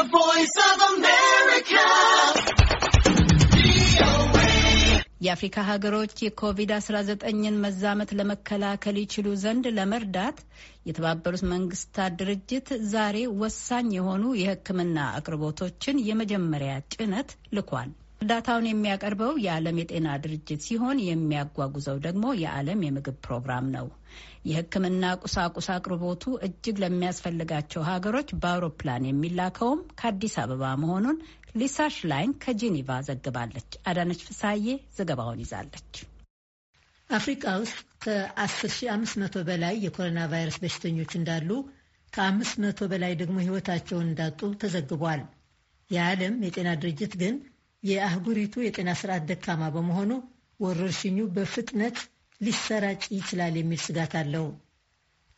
The Voice of America. የአፍሪካ ሀገሮች የኮቪድ-19ን መዛመት ለመከላከል ይችሉ ዘንድ ለመርዳት የተባበሩት መንግስታት ድርጅት ዛሬ ወሳኝ የሆኑ የሕክምና አቅርቦቶችን የመጀመሪያ ጭነት ልኳል። እርዳታውን የሚያቀርበው የዓለም የጤና ድርጅት ሲሆን የሚያጓጉዘው ደግሞ የዓለም የምግብ ፕሮግራም ነው። የሕክምና ቁሳቁስ አቅርቦቱ እጅግ ለሚያስፈልጋቸው ሀገሮች በአውሮፕላን የሚላከውም ከአዲስ አበባ መሆኑን ሊሳሽ ላይን ከጄኔቫ ዘግባለች። አዳነች ፍሳዬ ዘገባውን ይዛለች። አፍሪካ ውስጥ ከ10500 በላይ የኮሮና ቫይረስ በሽተኞች እንዳሉ ከ500 በላይ ደግሞ ሕይወታቸውን እንዳጡ ተዘግቧል። የዓለም የጤና ድርጅት ግን የአህጉሪቱ የጤና ስርዓት ደካማ በመሆኑ ወረርሽኙ በፍጥነት ሊሰራጭ ይችላል የሚል ስጋት አለው።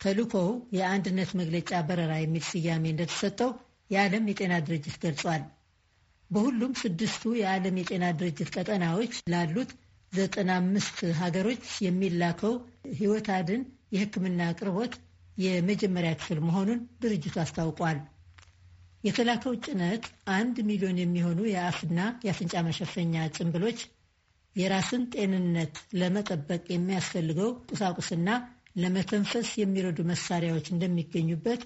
ተልእኮው የአንድነት መግለጫ በረራ የሚል ስያሜ እንደተሰጠው የዓለም የጤና ድርጅት ገልጿል። በሁሉም ስድስቱ የዓለም የጤና ድርጅት ቀጠናዎች ላሉት አምስት ሀገሮች የሚላከው ሕይወት አድን የህክምና አቅርቦት የመጀመሪያ ክፍል መሆኑን ድርጅቱ አስታውቋል። የተላከው ጭነት አንድ ሚሊዮን የሚሆኑ የአፍና የአፍንጫ መሸፈኛ ጭንብሎች፣ የራስን ጤንነት ለመጠበቅ የሚያስፈልገው ቁሳቁስና ለመተንፈስ የሚረዱ መሳሪያዎች እንደሚገኙበት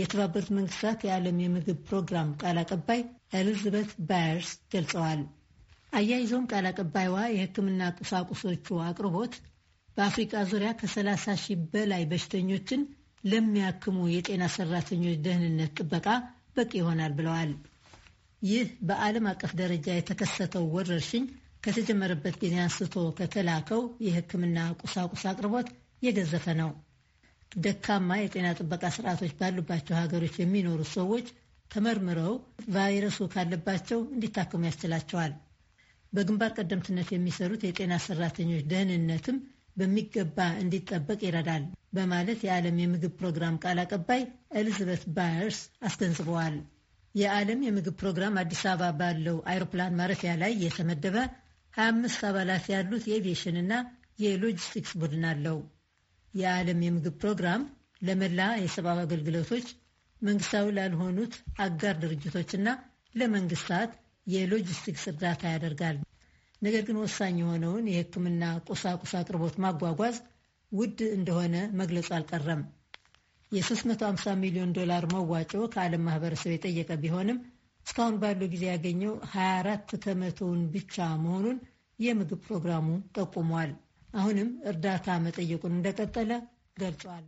የተባበሩት መንግስታት የዓለም የምግብ ፕሮግራም ቃል አቀባይ ኤልዝበት ባየርስ ገልጸዋል። አያይዘውም ቃል አቀባይዋ የሕክምና ቁሳቁሶቹ አቅርቦት በአፍሪቃ ዙሪያ ከ30 ሺህ በላይ በሽተኞችን ለሚያክሙ የጤና ሰራተኞች ደህንነት ጥበቃ በቂ ይሆናል ብለዋል። ይህ በዓለም አቀፍ ደረጃ የተከሰተው ወረርሽኝ ከተጀመረበት ጊዜ አንስቶ ከተላከው የሕክምና ቁሳቁስ አቅርቦት የገዘፈ ነው። ደካማ የጤና ጥበቃ ስርዓቶች ባሉባቸው ሀገሮች የሚኖሩ ሰዎች ተመርምረው ቫይረሱ ካለባቸው እንዲታከሙ ያስችላቸዋል። በግንባር ቀደምትነት የሚሰሩት የጤና ሰራተኞች ደህንነትም በሚገባ እንዲጠበቅ ይረዳል በማለት የዓለም የምግብ ፕሮግራም ቃል አቀባይ ኤሊዛቤት ባየርስ አስገንዝበዋል። የዓለም የምግብ ፕሮግራም አዲስ አበባ ባለው አይሮፕላን ማረፊያ ላይ የተመደበ 25 አባላት ያሉት የኤቪዬሽን እና የሎጂስቲክስ ቡድን አለው። የዓለም የምግብ ፕሮግራም ለመላ የሰብአዊ አገልግሎቶች መንግስታዊ ላልሆኑት አጋር ድርጅቶችና ለመንግስታት የሎጂስቲክስ እርዳታ ያደርጋል። ነገር ግን ወሳኝ የሆነውን የሕክምና ቁሳቁስ አቅርቦት ማጓጓዝ ውድ እንደሆነ መግለጹ አልቀረም። የ350 ሚሊዮን ዶላር መዋጮ ከዓለም ማህበረሰብ የጠየቀ ቢሆንም እስካሁን ባለው ጊዜ ያገኘው 24 ከመቶውን ብቻ መሆኑን የምግብ ፕሮግራሙ ጠቁሟል። አሁንም እርዳታ መጠየቁን እንደቀጠለ ገልጿል።